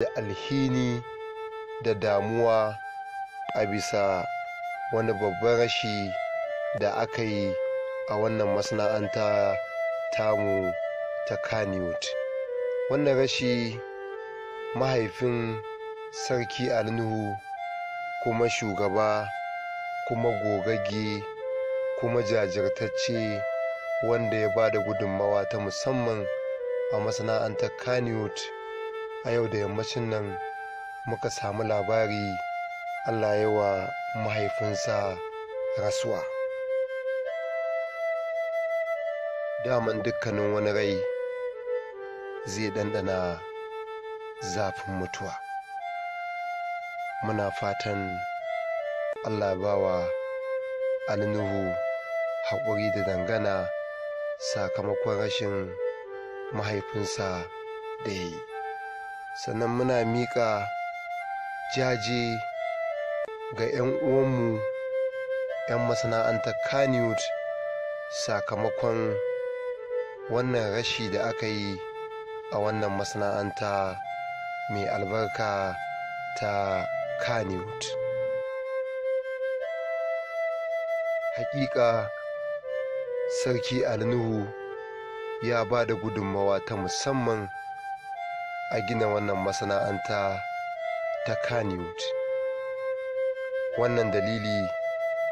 da alhini da damuwa a bisa wani babban rashi da aka yi a wannan masana'anta tamu ta kaniwood wannan rashi mahaifin sarki alnuhu kuma shugaba kuma gogagge kuma jajirtacce wanda ya ba da gudunmawa ta musamman a masana'antar kaniwood a yau da yammacin nan muka samu labari allah ya wa mahaifinsa rasuwa daman dukkanin wani rai zai ɗanɗana zafin mutuwa muna fatan allah bawa alnuhu haƙuri da dangana sakamakon rashin mahaifinsa da ya yi sannan muna miƙa jaje ga 'yan uwanmu 'yan masana'antar kaniwood sakamakon wannan rashi da aka yi a wannan masana'anta mai albarka ta kaniwood hakika sarki alnuhu ya ba da gudunmawa ta musamman a gina wannan masana'anta ta kaniwood wannan dalili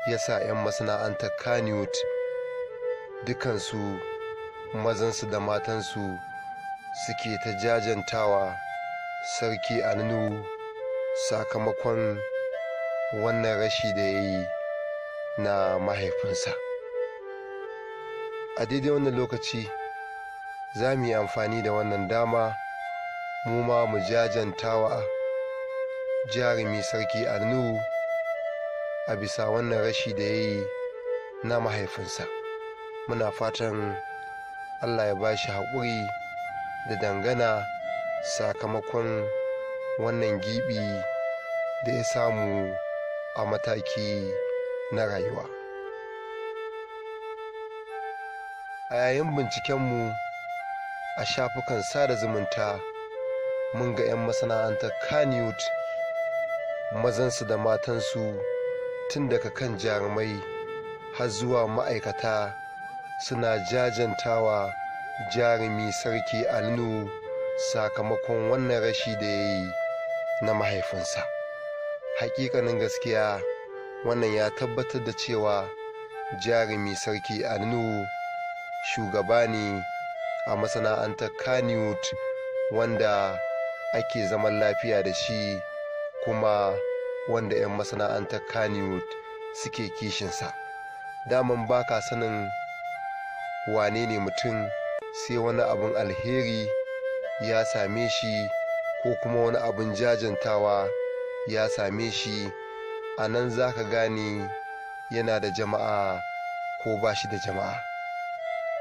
ya sa 'yan masana'antar kaniwood dukansu mazansu da matansu suke ta jajantawa sarki annu sakamakon wannan rashi da ya yi na mahaifinsa a daidai wannan lokaci za mu yi amfani da wannan dama mu ma mu jajantawa jarumi sarki arnu a bisa wannan rashi da ya yi na mahaifinsa muna fatan allah ya ba shi haƙuri da dangana sakamakon wannan gibi da ya samu a mataki na rayuwa a yayin bincikenmu a shafukan sada zumunta mun ga 'yan masana'antar kaniwood mazansu da matansu tun daga kan jarumai har zuwa ma'aikata suna jajantawa jarumi sarki alnu sakamakon wannan rashi da ya yi na mahaifinsa hakikanin gaskiya wannan ya tabbatar da cewa jarumi sarki alnu shugaba ne a masana'antar kaniwood wanda ake zaman lafiya da shi kuma wanda 'yan masana'antar kannywood suke kishinsa daman ba ka sanin wane ne mutum sai wani abin alheri ya same shi ko kuma wani abin jajantawa ya same shi a nan za ka gane yana da jama'a ko ba shi da jama'a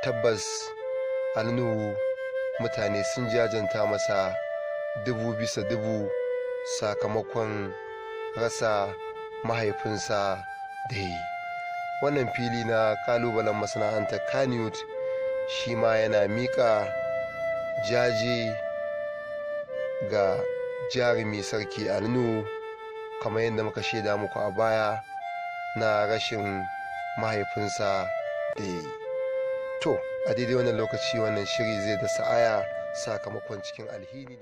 tabbas alnuhu mutane sun jajanta masa dubu bisa dubu sakamakon rasa mahaifinsa da yi wannan fili na kalubalen masana'antar kaniyut shi ma yana miƙa jaje ga jarumi sarki alnu kamar yadda muka shaida muku a baya na rashin mahaifinsa da yi to a daidai wannan lokaci wannan shiri zai da sa'aya sakamakon cikin alhini